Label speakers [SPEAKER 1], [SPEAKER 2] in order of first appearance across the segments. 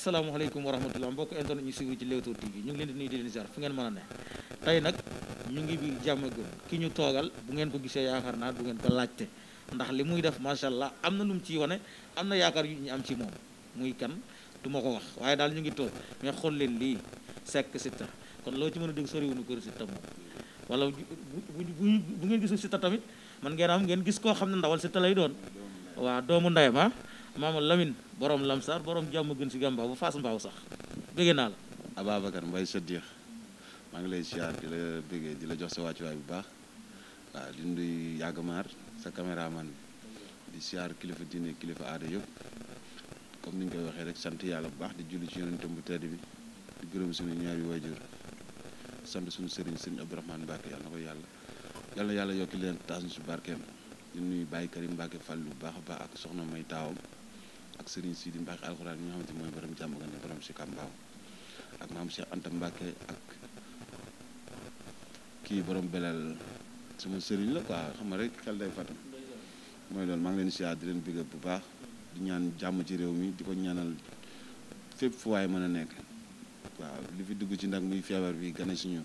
[SPEAKER 1] asalaamaaleykum wa rahmatulah mbokk internet ñu suivre ci Leewtoo TV ñu ngi leen di nuyu di fu ngeen mën a ne tey nag ñu ngi biir jàmm ak ki ñu toogal bu ngeen ko gisee yaakaar naa du ngeen ko laajte ndax li muy def macha allah am na lu mu ciy wane am na yaakaar yu ñu am ci moom muy kan du ma ko wax waaye daal ñu ngi toog mais xool leen lii Seck Siteu kon loo ci mën a dégg nu kër Siteu moom wala bu bu bu ngeen gisul Siteu tamit man ngeen am ngeen gis koo xam ne ndawal Siteu lay doon waa doomu ndeyam ah maama Lamine borom Lamsar borom jàmm gën si gàmbaaw bu faas mbaaw sax bëggee naa
[SPEAKER 2] la. mbay sa Sadikh maa ngi lay siyaar di la bëggee di la jox sa wàccuwaay bu baax waaw di sa caméraman bi di siyaar kilifa diine kilifa aada yëpp comme ni ñu koy waxee rek sant yàlla bu baax di julli ci yonentam bu tedd bi di gërëm suñu ñaari waajur sant suñu sëriñ sëriñ Abdourahmane Mbacke yàlla na ko yàlla yàlla yàlla yokki leen taas ñu si barkeem di nuyu Baye Karim Mbacke Fall bu baax a baax ak soxna May taawam. ak Serigne Sidi Mbacke alxuraan bi nga xamante mooy borom jàmm gan borom si Kambaaw ak maam Cheikh Anta Mbacke ak kii borom belal sama sëriñ la quoi xam nga rek xel day fatam mooy loolu maa ngi leen siyaar di leen bëgg bu baax di ñaan jàmm ci réew mi di ko ñaanal fépp fu waay mën a nekk waaw li fi dugg ci nag muy feebar bi gën a si ñu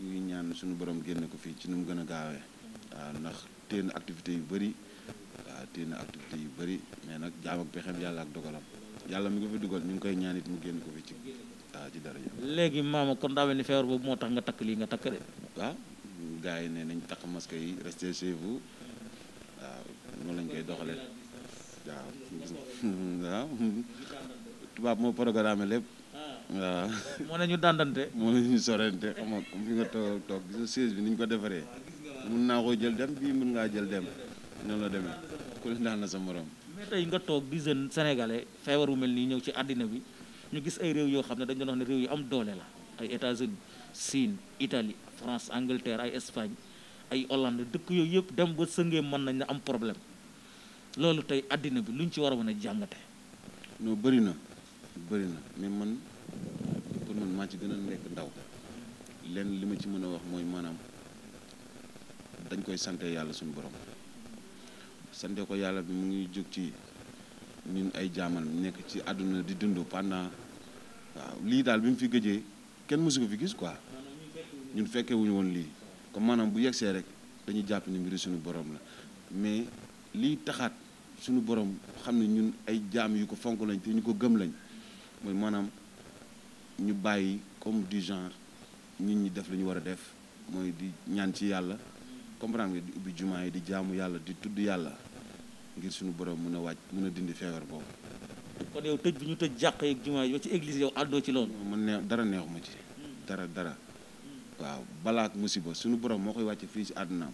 [SPEAKER 2] ngi ñaan suñu borom génn ko fii ci nu mu gën a gaawee waaw ndax teen activité yu bari téye na activité yu bëri mais nag jaam ak pexeem yàlla ak dogalam yàlla mi ko fi dugal ñu ngi koy ñaanit mu génn ko fi ci waaw ah, ci dara
[SPEAKER 1] léegi maama kon daa mel ni feebar boobu moo tax nga takk lii nga takk de.
[SPEAKER 2] waaw ah, gars yi ne nañ takk masque yi rester chez vous waaw ah, lañ koy doxalee waaw tubaab moo programme lépp. waaw moo ne ñu moo ne ñu sorente xam nga comme fi nga toog toog gis nga bi ni ko defaree. mun naa ko jël dem bii mun ngaa jël dem noonu la demee. ku ne na sa morom. mais tey nga toog di jeune
[SPEAKER 1] sénégalais feebar bu ci àddina bi ñu gis ay réew yoo xam ne dañu doon wax am doole la ay États-Unis Chine Italie France Angleterre ay ay Hollande dëkk yooyu yëpp dem ba sëngee mën nañ ne am problème loolu tey àddina bi luñ ci war a mën a jàngate.
[SPEAKER 2] non bëri na bëri na mais man pour man maa ci gën a nekk ndaw lenn li ma ci mën a wax mooy maanaam dañ koy sante yàlla suñu borom. sante ko yàlla bi mu ngi jóg ci ñun ay jaamal nekk ci àdduna di dund pendant waaw lii daal bi mu fi géejee kenn mësu fi gis quoi ñun fekkewuñu woon lii comme maanaam bu yegsee rek dañuy jàpp ni mbiru suñu boroom la mais lii taxaat suñu borom xam ne ñun ay jaam yu ko fonk lañ te ñu ko gëm lañ mooy maanaam ñu bàyyi comme di genre nit ñi def li ñu war a def mooy di ñaan ci yàlla comprendre nga di ubbi jumaa yi di jaamu yàlla di tudd yàlla ngir suñu borom mun a wàcc mun a dindi feebar boobu. kon yow tëj bi ñu tëj jàq yeeg jumaa yi ba ci église yow àddoo ci loolu. man neex dara neexu ma ci. dara dara. waaw balaak musiba suñu borom moo koy wàcc fii ci àddunaam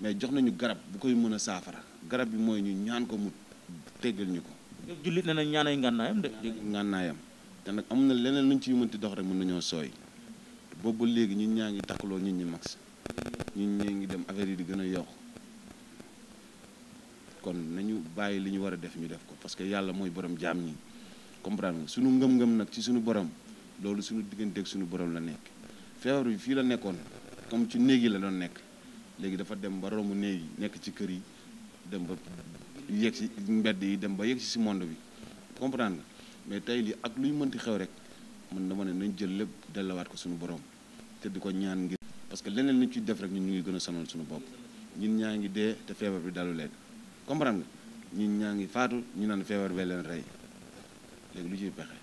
[SPEAKER 2] mais jox nañu garab bu koy mën a saafara garab bi mooy ñu ñaan ko mu teggal ñu ko. yëpp jullit na ñaanay ngànnaayam de. ngànnaayam te nag am na leneen luñ ci mënti dox rek mën nañoo sooy boobu léegi ñun ñaa ngi takkaloo ñun ñi max ñun ñee ngi dem affaire yi di gën a yokku kon nañu bàyyi li ñu war a def ñu def ko parce que yàlla mooy borom jaam ñi comprendre nga suñu ngëm-ngëm nag ci suñu borom loolu suñu digganteek suñu boroom la nekk feebar bi fii la nekkoon comme ci néeg yi la doon nekk léegi dafa dem ba romb néeg yi nekk ci kër yi dem ba yegg si mbedd yi dem ba yegg si si monde bi comprendre mais tey lii ak luy mënti xew rek man dama ne nañ jël lépp dellawaat ko suñu boroom te di parce que leneen li ñu ciy def rek ñun ñu ngi gën a sonal suñu bopp ñun ñaa ngi dee te feebar bi dalu leen comprendre ñun ñaa ngi faatu ñu naan feebar bee leen rey léegi lu ciy pexe.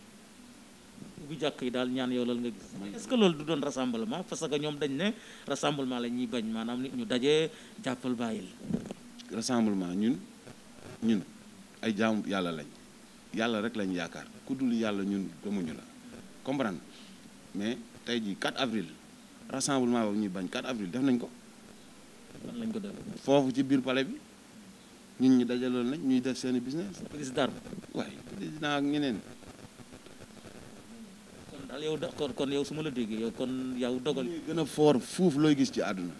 [SPEAKER 1] bu jàkk yi daal ñaan yow lal nga gis est-ce que loolu du doon rassemblement parce que ñoom dañ ne rassemblement la bañ maanaam nit ñu dajee jàppal
[SPEAKER 2] bàyyil rassemblement ñun ñun ay jaamu yàlla lañ yàlla rek lañ yaakaar ku dul yàlla ñun gëmuñu la comprendre mais tey jii 4 avril rassemblement boobu ñuy bañ 4 avril def nañ ko. fan ko def foofu ci biir pale bi ñun ñi dajaloon nañ ñuy def seen business. président waaye président ak ñeneen. kon daal yow d'accord kon yow su ma la déggee kon yow dogal. muy gën a foor fuuf looy gis ci àdduna.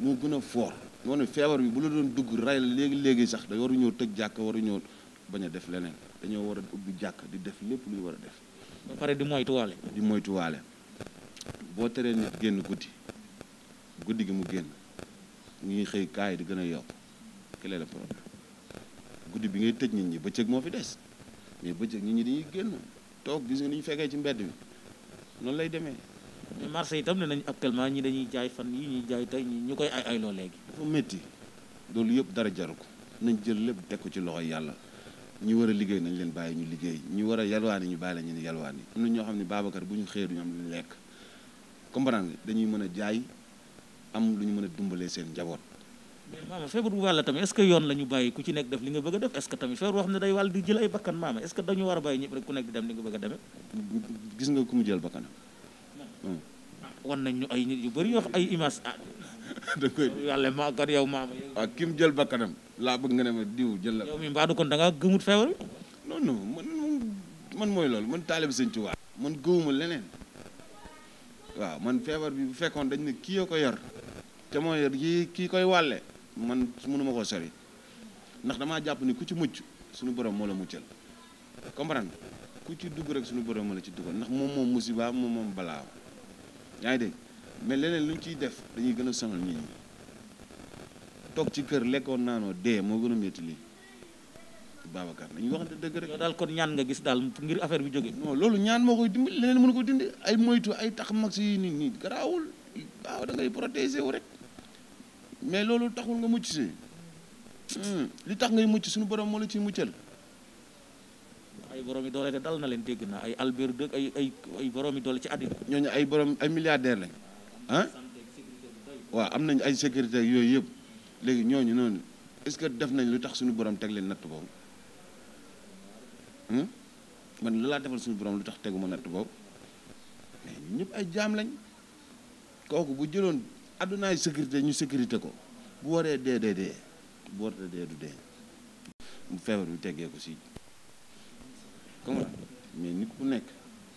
[SPEAKER 2] moo gën a foor. moo ne feebar bi bu la doon dugg rey la léegi léegi sax da waru ñëw tëj jàkk waru ñëw bañ a def leneen dañoo war a ubbi jàkk di def lépp lu war a def.
[SPEAKER 1] pare di moytuwaale.
[SPEAKER 2] di moytuwaale. boo teree nit génn guddi guddi gi mu génn ñuy xëy kaay di gën a yokk quel est problème guddi bi ngay tëj nit ñi bëccëg moo fi des mais bëccëg nit ñi dañuy génn toog gis nga ni ñu fekkee ci mbedd mi noonu lay demee. mais
[SPEAKER 1] marché itam ne nañ actuellement ñi dañuy jaay fan yi ñuy jaay tey ñu koy ay
[SPEAKER 2] ayloo loo léegi. dafa métti loolu yëpp dara jaru ko nañ jël lépp teg ko ci loxo yàlla ñi war a liggéey nañ leen bàyyi ñu liggéey ñi war a yalwaani ñu bàyyi la ñu ne ñoo xam ne Babacar bu ñu xëyee du ñu ñu lekk. comprendre dañuy mën a jaay am lu ñu mën a dumbalee seen njaboot.
[SPEAKER 1] mais maama feebar bu wàll tamit est ce a def est ce que a bàyyi a demee. Hmm. Ah, ah. da koy
[SPEAKER 2] yàlla ma gan yow maama. waaw ah, ki mu jël bakkanam laa bëgg nga ne ma da ngaa gëmut feebar bi. non non man man mooy loolu man taalibe Sëñ Tuubaa man gëwuma leneen waaw man feebar bi bu fekkoon dañ ne kii yoo ko yor te moo yor kii kii koy wàlle man mënuma koo sori ndax damaa jàpp ni ku ci mucc suñu borom moo la muccal comprendre ku ci dugg rek suñu borom ma la ci duggal ndax moom moom musiba moom moom balaa yaa ngi de mais leneen lu ñu ciy def dañuy gën a sonal nit ñi toog ci kër lekkoon naa naanoo dee moo gën a métti lii Babacar nañu waxante dëgg rek. daal kon ñaan nga gis daal ngir affaire bi jógee. non loolu ñaan moo koy dimbali leneen mënu ko dindi ay moytu ay tax mag si nit ñi garaawul waaw da ngay protéger rek mais loolu taxul nga mucc si hmm, li tax ngay mucc suñu borom moo la ciy muccal.
[SPEAKER 1] ay borom yi doole de dal na leen dégg naa ay Albert dëgg ay ay borom yi
[SPEAKER 2] doole ci àddina. ñooñu ay borom ay milliardaires lañ ah. waaw am nañ ay sécurité yooyu yëpp léegi ñooñu noonu est-ce que def nañ lu tax suñu borom teg leen natt boobu. Hmm? man la laa defal suñu borom lu tax tegu ma natt boobu mais ñëpp ay jaam lañ kooku bu jëloon addunaay sécurité ñu sécurité ko bu waree dee dee dee bu waree dee du dee mu feebar bi teggee ko si comme mais nit ku nekk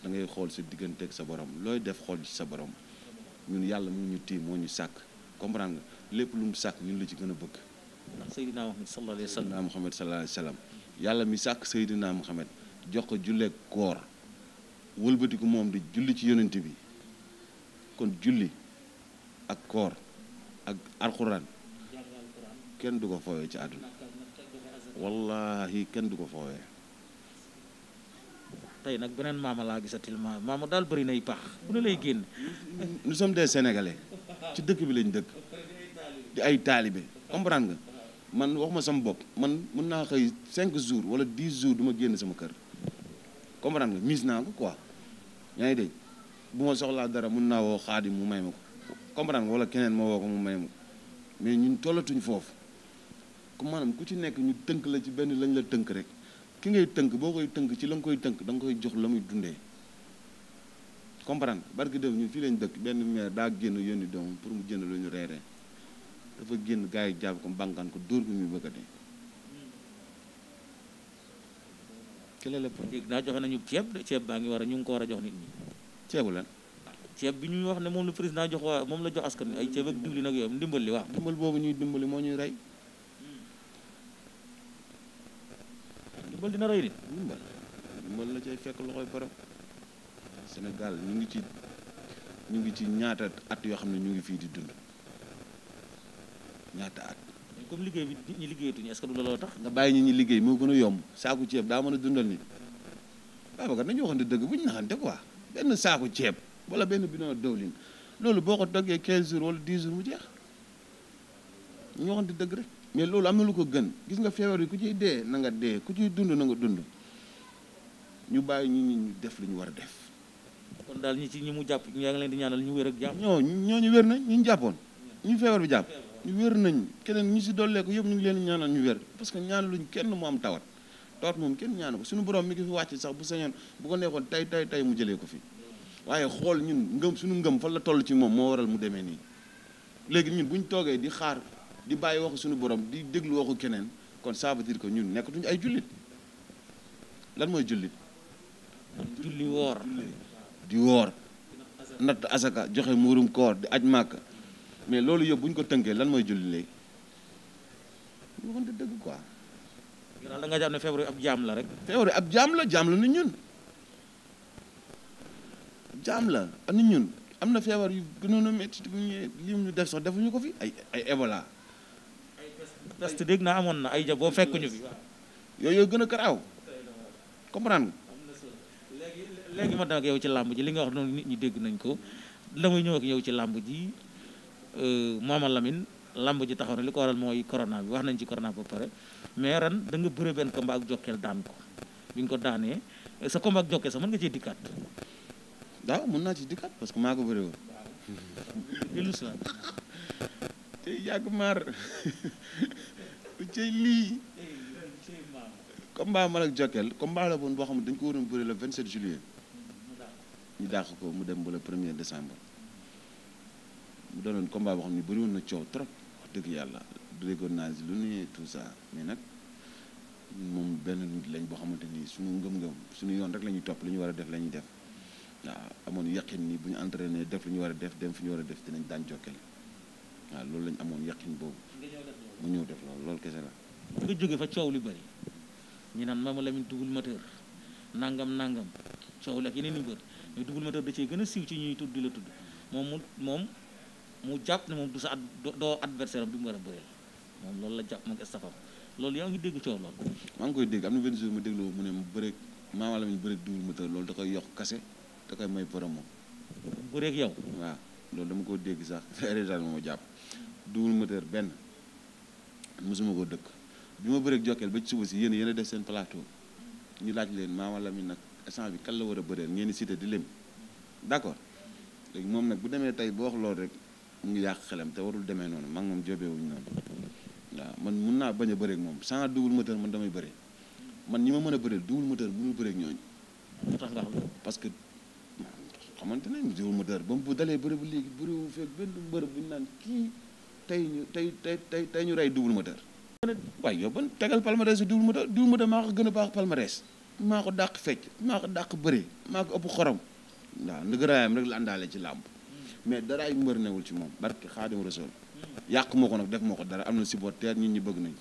[SPEAKER 2] da ngay xool sa diggante ak sa borom looy def xool ci sa borom ñun yàlla mu ñu téye moo ñu sàkk comprendre nga lépp lu mu sàkk ñun la ci gën a bëgg. ndax Seydina Muhammad sallallahu alayhi wa sallam. yàlla mi sàkk Seydina Muhammad jox ko julleeg koor wëlbatiku moom di julli ci yonent bi kon julli ak koor ak alxuraan
[SPEAKER 1] kenn du ko foowee ci àdduna
[SPEAKER 2] wallaahi kenn du ko
[SPEAKER 1] foowee tey nag beneen maama laa gisatil ma maama daal bëri
[SPEAKER 2] nay pax bu ne lay génn nous sommes des ci dëkk bi lañ dëkk di ay taalibe comprendre nga man wax ma sama bopp man mën naa xëy cinq jour wala dix jours duma génn sama kër comprendre nga mise naa ko quoi yaa ngi dégg bu ma soxlaa dara mën naa woo xaadim mu may ma ko comprendre nga wala keneen ma woo ko may ma mais ñun tollatuñ foofu comme maanaam ku ci nekk ñu tënk la ci benn lañ la tënk rek ki ngay tënk boo koy tënk ci la koy tënk da koy jox la muy dundee comprendre barki dem ñun fii lañ dëkk benn maire daa génn yónni doom pour mu jënd lu ñu reeree dafa génn gars yi jàpp ko bànkaan ko dóor bi muy bëgg a dee.
[SPEAKER 1] ki naa joxe nañu ceeb ceeb baa ngi war a ñu ngi ko war a jox nit ñi. ceebu lan. ceeb bi ñu wax ne moom la président jox waa moom la jox askan wi ay ceeb ak diwlin nag yooyu ndimbal li waaw.
[SPEAKER 2] ndimbal boobu ñuy dimbali moo ñuy rey. Hmm. ndimbal dina rey nit. ndimbal ndimbal la cay fekk loxoy borom. Sénégal ñu ngi ci ñu ngi ci ñaata at yoo xam ne ñu ngi fii di dund. ñaata at
[SPEAKER 1] comme liggéey bi nit ñi liggéeyatuñu est-ce que du tax nga
[SPEAKER 2] bàyyi ñi ñi liggéey moo gën a yomb saaku ceeb daa mën a dundal ni Babacar nañu waxante dëgg bu ñu naxante quoi benn saaku ceeb wala benn bidon dawlin loolu boo ko doggee 15 jours wala 10 jours mu jeex ñu loolu am na lu ko gën gis nga feebar yi ku ciy dee na nga dee ku ciy dund na dund ñu bàyyi ñi ñu def li war a def. kon daal ñi ci ñi mu jàpp yaa ngi leen di ñaanal ñu wér ak ñoo ñooñu ñu jàppoon bi jàpp. ñu wér nañ keneen ñu si dolleeku yëpp ñu ngi leen ñaanal ñu wér parce que ñaan luñ kenn mu am tawat tawat moom kenn ñaanu ko suñu borom mi ngi fi wàcc sax bu sañoon bu ko neexoon tey tey tey mu jëlee ko fi waaye xool ñun ngëm suñu ngëm fan la tollu ci moom moo waral mu deme nii léegi ñun bu ñu toogee di xaar di bàyyi waxu suñu borom di déglu waxu keneen kon ça veut que ñun nekkatuñu ay jullit lan mooy jullit julli woor di woor natt asaka joxe muuru koor di aj màkk mais loolu yëpp bu ñu ko tënkee lan mooy julli léegi
[SPEAKER 1] ñu waxante dëgg da nga jàpp ne feebar
[SPEAKER 2] ab jaam rek. ab jaam la jaam la nit ñun jaam la am na feebar yu gënoon a métti li ko fi ay ay Ebola.
[SPEAKER 1] ay peste dégg naa amoon na ay ja boo fekkuñu fi. yooyu gën a karaaw comprendre nga. léegi ma yow ci làmb ji li nga wax nit ñi dégg nañ ko damay ñëw yow ci làmb ji. Euh, Maama Lamine lamb ji taxaw na li ko waral mooy corona bi wax nañ ci corona ba pare mais ren da nga bëre benn combat ak jokkeel daan ko bi nga ko daanee sa combat ak jokkeel sax nga cee dikkaat.
[SPEAKER 2] waaw mën ci dikkaat parce que maa ko bëre woon. dellu si waat. te yàgg maar cey lii. combat man ak jokkeel boo xam ne dañ ko waroon bëre le 27 juillet. ñu ko mu dem ba la 1er décembre. mu doonoon combat boo xam ni bëri woon na coow trop wax dëgg yàlla déggoon naa lu ne tout ça mais nag moom benn nit lañ boo xamante ni suñu ngëm suñu yoon rek la ñuy topp li ñu war a def la ñuy def waaw amoon yaqin ni bu ñu entraîné def ñu war a def dem fi ñu war a def dinañ daan jokkeel waaw loolu lañ amoon yaqin boobu. mu ñëw def loolu loolu kese la. nga jóge fa coow li bëri
[SPEAKER 1] ñu naan Mama Lamine dugul moteur nangam nangam coow la ak yeneen i mbër mais dugul moteur da cee gën a siiw ci ñuy tudd di la tudd moom moom. mu jàpp ne moom du sa ad doo adversaire am bi mu war a bëreel moom loolu la jàpp moom staff am loolu yaa ngi dégg coow loolu
[SPEAKER 2] maa ngi koy dégg am na benn jour ma déglu mu ne mu bëreeg maama la ñu bëreeg duwul moteur loolu da koy yokk kase da koy may borom moom bëreeg yow waaw loolu dama ko dégg sax rédaal moo jàpp duwul moteur benn mosuma ko dëkk bi ma bëreeg jokkeel ba ci suba si yéen yéen a def seen plateau ñu laaj leen maama la mi nag essence bi kan la war a bëreel ngeen di cité di lim d'accord léegi moom nag bu demee tey boo wax rek mu ngi yàq xelam te warul demee noonu man moom jóbewuñ noonu waa man mun naa bañ a bëreeg moom sans double moteur man damay bëre man ñi ma mën a bëreel double moteur mënul bëreeg ñooñu moo tax ndax parce que xamante nañ double moteur ba mu bu dalee bëri bu léegi bëriwu feeg benn mbër bu ñu naan kii tey ñu tey tey tey tey ñu rey double moteur waaye yow ban tegal palmarès su double moteur double moteur maa ko gën a baax palmarès maa ko dàq fecc maa ko dàq bëri maa ko ëpp xorom waaw ndëgëraayam rek la ci làmb mais daraay mbër newul ci moom barke xaadim rasul yàq moo ko nag def moo ko dara am na supporter nit ñi bëgg nañ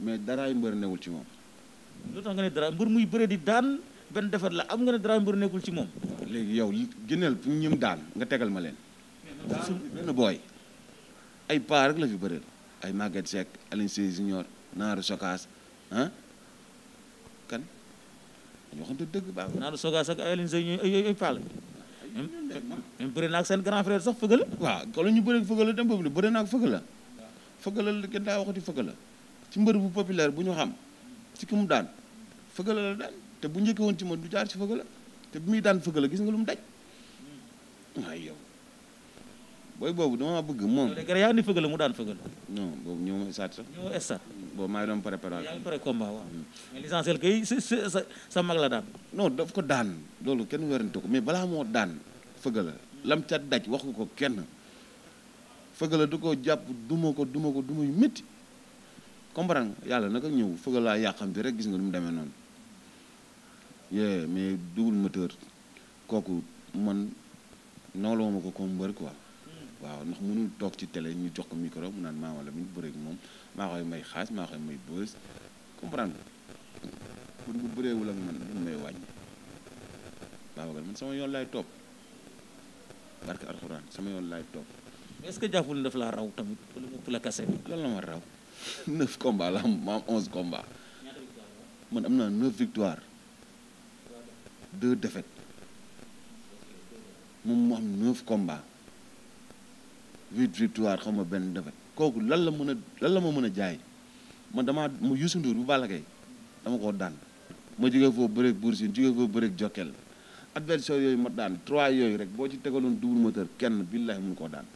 [SPEAKER 2] mais daraay mbër newul ci moom lu
[SPEAKER 1] tax nga ne dara mbër muy bëre di daan benn defar la am nga ne mbër nekkul ci moom léegi yow génneel
[SPEAKER 2] fu ñim daan nga tegal ma leen benn booy ay paar rek la fi bëreel ay Maguette Seck Alioune Sèye Junior Naaru Sokaas ah kan dañu waxante dëgg baax naa
[SPEAKER 1] Sokaas ak Alioune Sèye
[SPEAKER 2] ay paar même bëri naa ak seen grand frère sax fëgg la waaw kala ñu bëri fëgg la dem boobu bëri naa ak fëgg la fëgg la kenn daa waxati fëgg la ci mbër bu populaire bu ñu xam ci ki mu daan fëgg la daan te bu njëkkee woon ci man du jaar ci fëgg la te bu muy daan fëgg la gis nga lu mu daj yow booy boobu dama bëgg moom. loolu gara yaa ni fëgal mu daan fëgal. non boobu ñëw ma stade sax. ñëw boobu maa ngi doon préparation. yaa ngi pré combat waaw. kay mm. sa sa mag la daan. non daf ko daan loolu kenn werante ko mais balaa moo daan fëgal la lam ca daj waxu ko kenn fëgal la du ko jàpp duma ko duma ko duma yu métti comprendre nga yàlla naka ñëw fëgal laa yàqamti rek gis nga lu mu demee noonu. yee mais double moteur kooku man nooloo ma ko comme mbër waaw ndax mënul toog ci télé ñu jox ko micro mu naan maa wala mi bëre ak moom may xaas maa koy may bës bu bëreewul ak man du may wàññi Babacar man sama sama yoon laay topp. est-ce que jàppul daf laa raw tamit wala mu la kase bi. lan la am onze combats man am naa neuf victoire deux défaites moom mu am neuf combats. huit victoire xaw ma benn défaite kooku lan la mën lan la ma mën a jaay man damaa ma Youssou Ndour bu bala Gaye dama koo daan ma jógee foofu bëreeg Bour Sine jógee foofu bëreeg Jokkel adversaire yooyu ma daan trois yooyu rek boo ci tegaloon double moteur kenn billahi mun koo daan.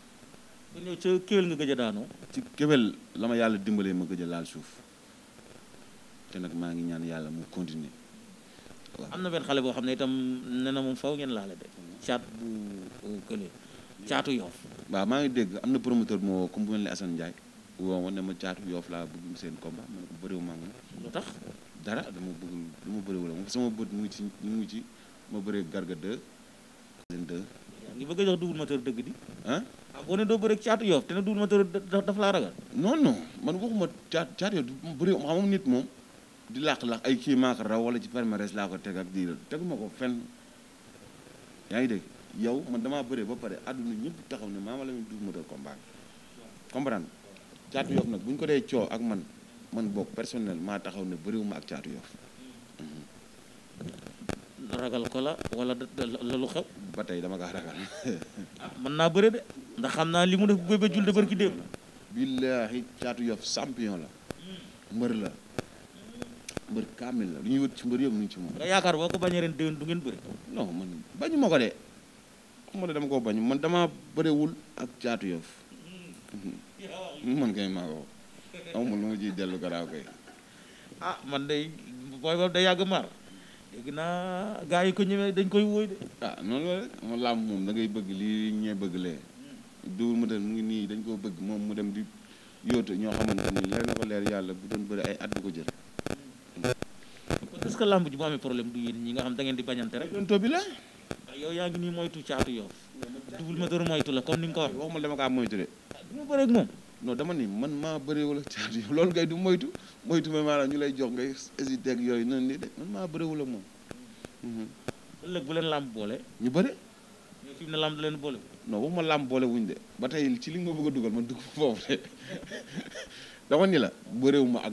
[SPEAKER 2] kon yow ci kéwél nga gëj a ci kéwél la ma yàlla dimbalee ma gëj a suuf te nag maa ngi ñaan yàlla mu continuer. waaw am
[SPEAKER 1] na benn xale boo xam ne itam nee na moom faw ngeen laale de. caat bu euh, kële. caatu yoof
[SPEAKER 2] waaw maa ngi dégg am na promoteur moo comme bu mel ne Assane Ndiaye ne ma caatu yoof laa bëgg seen combat ba ne ko bëriwu maa ngi lu tax dara dama bëgg lu ma bëriwu la moom sama bët mu ci mu ci ma bëree garga 2 2 ngi bëgg a jox double moteur dëgg di ah boo doo bëri caatu yoof te ne double moteur dafa laa ragal non non man waxuma caatu caatu yoof bëri xam moom nit moom di làq-làq ay kii maaka raw wala ci palmarès laa ko teg ak diiral teguma ko fenn yaa ngi dégg yaw man damaa bëree ba pare àdduna ñëpp taxaw ne Mama Lamine Diouf moteur combat bi comprendre nag bu ñu ko dee coow ak man man boog personnel maa taxaw ne bëriwuma ak caatu yof
[SPEAKER 1] mhm. ragal ko la wala la lu xew ba tey dama kaa ragal ah, mën naa bëre de ndax xam naa li mu def bébé jul de bërki démb billaahi
[SPEAKER 2] caatu yof champion la mbër la mbër kaamil la lu ñuy wët ci mbër yëpp mu ngi ci moom nga yaakaar boo ko bañee ren déwén du ngeen bëri non man bañu mu ne dama koo man dama bëriwul ak caatu yoof mm-hmm. man kay maa ko amul dellu garaaw
[SPEAKER 1] ah, man day booy boobu
[SPEAKER 2] day yàgg maar dégg
[SPEAKER 1] naa
[SPEAKER 2] yi ko ñëwee dañ koy wóoy de ah noonu la rek ma làmb moom da bëgg lii ñee bëgg lee mm. duur mu dem mu ngi nii dañ koo bëgg moom mu dem di yóotu ñoo xamante ni leer na ko leer yàlla bu doon bëri ay at bu ko jël
[SPEAKER 1] est-ce que làmb ji bu amee problème du yéen ñi nga xam da di bañante rek doon tobi la yow yaa ngi nii moytu caatu
[SPEAKER 2] yow. Double Moteur moytu la ni ko waxee. waxuma dama kaa moytu ma bëreeg moom. non dama ni man maa bëree wala loolu ngay du moytu moytu ma maanaam ñu lay jox ngay hésité yooyu noonu nii de man maa mhm. bu leen làmb boole. ñu bëri.
[SPEAKER 1] mais fi leen boole.
[SPEAKER 2] non waxuma lam boole wuñ de ba tey ci li nga bëgg dugal man dugg foofu de dama ni la bëreewuma ak.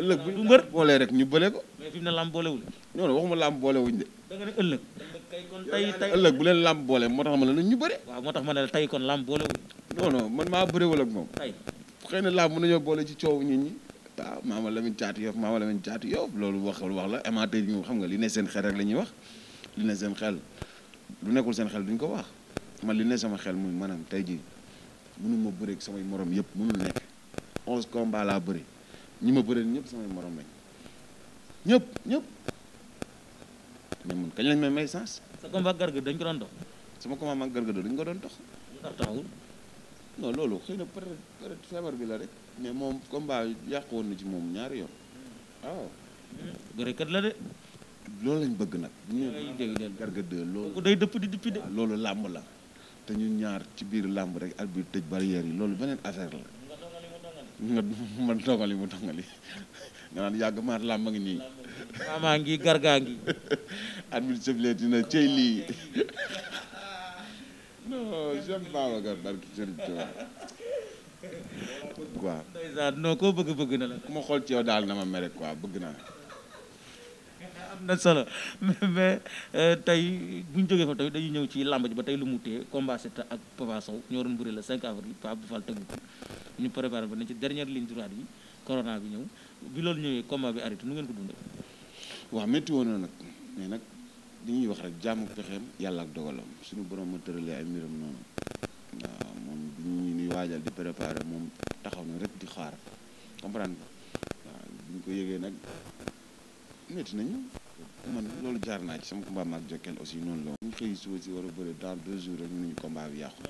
[SPEAKER 2] ëllëg bu ñu boolee rek ñu bële mais
[SPEAKER 1] fi boolewul.
[SPEAKER 2] non non waxuma làmb boolewuñ de. da kon tey tey ëllëg bu leen làmb boole moo tax ma ne la ñu bëre. waaw moo tax ma ne la tey kon làmb boole wu. non man maa bëriwul ak moom. tey xëy na làmb mën nañoo boole ci coow nit ñi. waaw ah, maama Lamine Thiatou Yoff la Lamine Thiatou Yoff loolu wax wax la amateur yi xam nga li ne seen xel rek la ñuy wax li ne seen xel lu nekkul seen xel duñ ko wax man li ne sama xel muy maanaam tey jii mënuma bëre ak samay morom yëpp mënul nekk onze combat laa bëri ñi ma bëre ñëpp samay morom lañ mais kañ lañ may may sens. sa combat garga dañ ko doon dox. sama combat mag garga dañ ko doon dox. ndax taxawul. non loolu feebar bi la rek mais moom combat yàqu woon na ci moom ñaari yoon waaw. gërëkat la loolu lañ bëgg nag. ñu dégg leen garga de loolu. day dëpp loolu làmb la te ñu ñaar ci biir làmb rek ak bi tëj barrière yi loolu beneen affaire la. nga mu dongali. nga ma dongali mu dongali. nga naan yàgg maar làmb a ngi nii. maamaa ngi gargaa ngi. administratif koo bëgg bëgg na la. ku ma xool ci yow daal na ma mere quoi bëgg na
[SPEAKER 1] am na solo mais euh, tey bu ñu jógee fa tamit dañuy ñëw ci làmb ji ba tey lu mu téye combat ak Papa Sow ñoo doon bëri la 5 avril Pape Fall tëgg ko ñu préparé ba ne ci dernière ligne droite bi. corona bi ñëw bi loolu ñëwee combat bi arrêté nu ngeen ko dundee.
[SPEAKER 2] waaw métti woon nag mais nag li ñuy wax rek jàmm pexem yàlla ak dogalam suñu borom ma tëralee ay mbiram noonu waaw moom bi ñu ñuy waajal di préparer moom taxaw na rek di xaar comprendre nga waaw bi ko yëgee nag métti nañu man loolu jaar naa ci sama combat maag Jokal aussi noonu la. ñu xëy suba si war a bëri dans deux jours rek ñu ne ñu combat bi yàqu.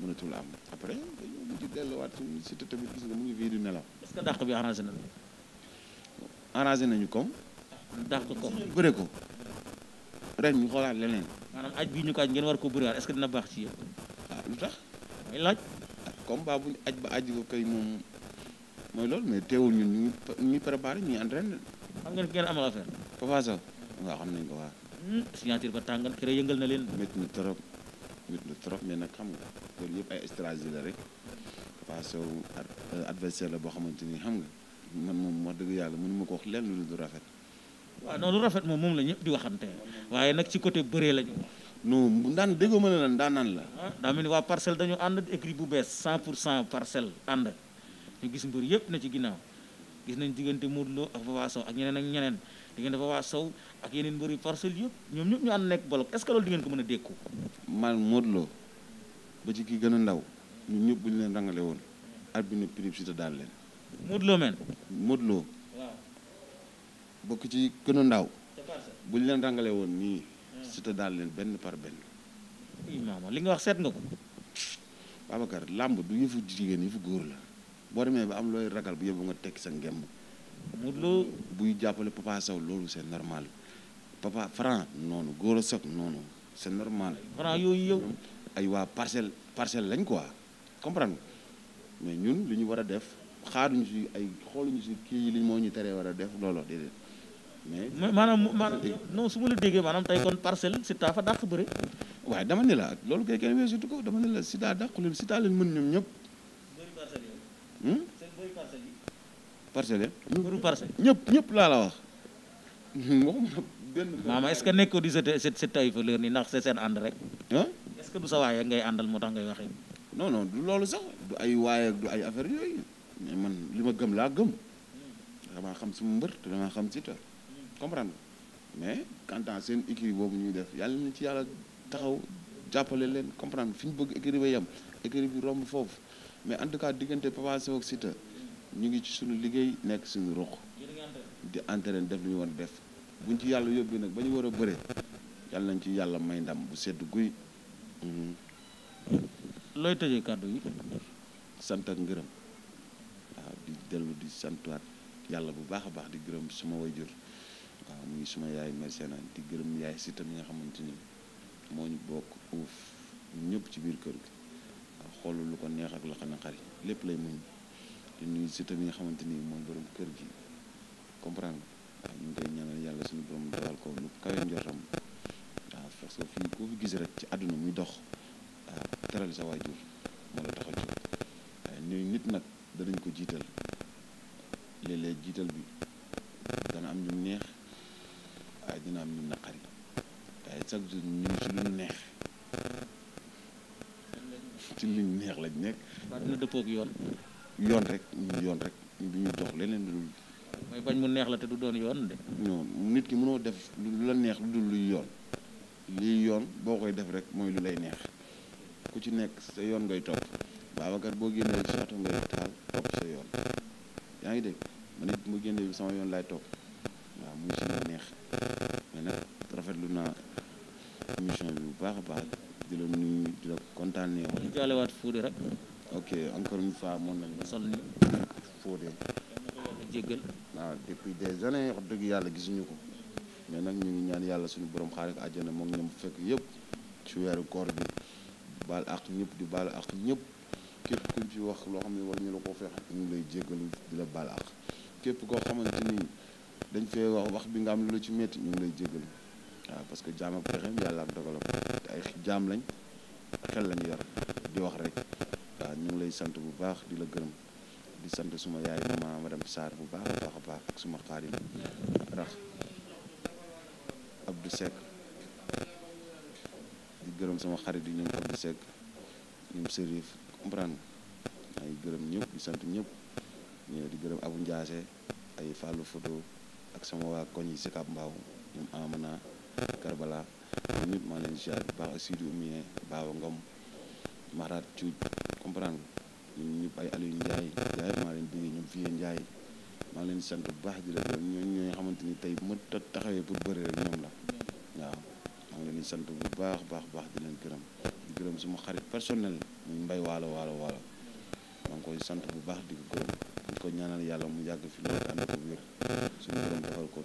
[SPEAKER 2] mënatul am après dañoo mujj delluwaat fi mu Siteu tamit gis nga mu ngi fii di nelaw. est que dàq bi arrangé na la. arrangé nañu ko. dàq ko bëre ko. ren ñu xoolaat leneen. maanaam aj bi ñu ko aj ngeen war ko bëriwaat est-ce que dina baax ci yow. ah lu tax. may laaj. Ah, combat bu ñu aj ba aj ko kay moom mooy lool mais teewul ñun ñu ngi ñu préparé ñu ngi entraîné.
[SPEAKER 1] xam ngeen ngeen amal
[SPEAKER 2] affaire. Papa Sow. waaw xam nañ ko waaw. Hmm, signature ba tàngal kër yëngal na leen. métti trop. wét la trop mais nag xam nga loolu yëpp ay stratégie la rek Papa Sow euh, adversaire la boo xamante ni xam nga man moom wax dëgg yàlla mënu ma ko wax lenn lu du rafet
[SPEAKER 1] waaw noonu rafet moom moom la ñëpp di waxante
[SPEAKER 2] waaye nag ci côté bëree lañu nu ndaan déggoo
[SPEAKER 1] ma ne lan daan naan la ah, daa mel ni waa parcelle dañu ànd écrit bu bees 100 pour cent parcelle ànd ñu gis mbër yëpp na ci ginnaaw gis nañ diggante Modou Lo ak Papa Sow ak ñeneen ak ñeneen di ngeen dafa waa sow ak yeneen mbëri parcelle yëpp ñoom ñëpp ñu ànd nekk bolok est ce que loolu di ngeen ko mën a dékku
[SPEAKER 2] man Modou Lo ba ci kii gën a ndaw ñun ñëpp bu ñu leen rangale woon at bi ne prib si te daal leen Modou Lo men Modou Lo waaw bokk ci gën a ndaw bu ñu leen rangale woon nii hmm. si te daal leen benn par benn maama li nga wax seet nga ko Babacar làmb du yëfu jigéen yëfu góor la boo demee ba am looy ragal bu yóbbu nga tekki sa ngemb Modou Lo buy jàppale Papa Sow loolu c'est normal Papa Franc noonu a Sock noonu c'est normal Franc yooyu yow ay waa parcelle parcelle lañ quoi comprendre mais ñun lu ñu war a def xaaruñu si ay xooluñu si kii li moo ñu teree war a def looloo déedéet mais maanaam maanaam non su ma la déggee maanaam tey kon parcelle Siteu fa dàq bëre waaye dama ne la loolu kay kenn weesutu ko dama ne la Siteu dàqu leen Siteu leen mën ñoom ñëpp parcelle yëpp. parcelle ñëpp ñëpp laa la wax. waxuma benn. maama est-ce que
[SPEAKER 1] nekkoo di set set ay ni ndax c'est seen ànd rek.
[SPEAKER 2] est-ce que du sa waaye ngay àndal moo tax ngay waxee. non non du loolu sax du ay waaye du ay affaire yooyu man li ma gëm laa gëm. damaa xam suma mbër te damaa xam Siteu comprendre mais quant seen écurie boobu ñuy def yàlla na ci yàlla taxaw jàppale leen comprendre fi ñu bëgg écurie ba yem écurie bi romb foofu mais en tout cas diggante Papa Sow ak Siteu ñu ngi ci suñu liggéey nekk suñu ruq di entraîné def luñu ñu war def buñ ci yàlla yóbbu nag ba ñu war a bëre yàlla nañ ci yàlla may ndam bu sedd guy. Mm-hmm. looy tëjee kàddu yi. sant ak ngërëm waaw di dellu di santuwaat yàlla bu baax a baax di gërëm suma wayjur waaw mu ngi suma yaay merciana di gërëm yaay si tam yi nga xamante ni moo ñu bokk uuf ñëpp ci biir kër gi waaw xoolu lu ko neex ak la ko naqari lépp lay muñ di nuyu Siteu bi nga xamante ni mooy boroomu kër gi comprendre nga ñu ngi koy ñaanal yàlla suñu borom dalal ko lu kawe njortam waaw parce que fii gis rek ci àdduna muy dox waaw teral sa waajur moo la tax a jóg ñooñu nit nag danañ ko jiital léeg jiital bi dana am ñu neex waaye dina am ñu naqari waaye chaque jour ñu ci lu neex ci liñ neex lañ nekk. waaw yoon rek yoon rek bi ñu dox leneen lu mooy bañ
[SPEAKER 1] mu neex la te du doon yoon de.
[SPEAKER 2] nit ki mënoo def lu la neex lu dul luy yoon lii yoon boo koy def rek mooy lu lay neex ku ci nekk sa yoon ngay topp Babacar boo génnee sa sa yoon yaa ngi dégg mu génnee sama yoon laay topp waaw muy sama rafetlu naa émission bi bu baax a baax di la nuyu di la kontaanee. ñu jaalewaat fuude rek. ok encore une fois moom nañ ma sonn Fodé jéggal waaw ah, depuis des années wax dëgg yàlla gisuñu ko mais nag ñu ngi ñaan yàlla suñu borom xaaral àjjana moom ñoom fekk yëpp ci weeru koor bi baal ak ñëpp di bal ak ñëpp képp kuñ fi wax loo xam ne war ñu la ko fexe ñu lay jéggalu di la baal ak képp koo xamante ni dañ fee wax wax bi nga am lu la ci métti ñu ngi lay jéggalu waaw ah, parce que jaam ak pexeem yàlla ak dogalam te ay jaam lañ xel lañ yar di wax rek waa ñu lay sant bu baax di la gërëm di sant suma yaay maman madame Sarr bu baax a baax a baax ak suma xaadim di gërëm sama xarit yi ñoom Abdou Seck ñoom Serif gërëm ñëpp di sant ñëpp ñu di gërëm Abu Ndiaase ay Fallou foto ak sama waa koñ yi Sikap Mbaaw ñoom Amana Karbala ñëpp maa leen ziar bu baax ak Sidou Mien Baawa Ngom Marat Cuuj comprendre nga ñun ñëpp ay Aliou Ndiaye Ndiaye maa leen bëggee ñoom fii Ndiaye maa leen sant bu baax di la gërëm ñooñu ñooy xamante ni tey bu ma taxawee pour bëri rek ñoom la waaw maa ngi leen di sant bu baax baax baax di leen gërëm gërëm suma xarit personnel muy mbay waalo waalo waalo maa ngi koy sant bu baax di ko gërëm ñaanal yàlla mu yàgg fi loolu ànd ko wér suñu borom defal ko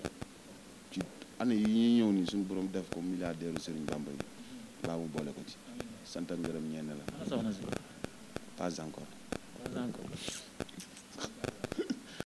[SPEAKER 2] ci année yi ñuy ñëw nii suñu borom def ko milliardaire Serigne Bamba yi baa mu boole ko ci sant ak ngërëm ñenn la Pas encore. Pas encore.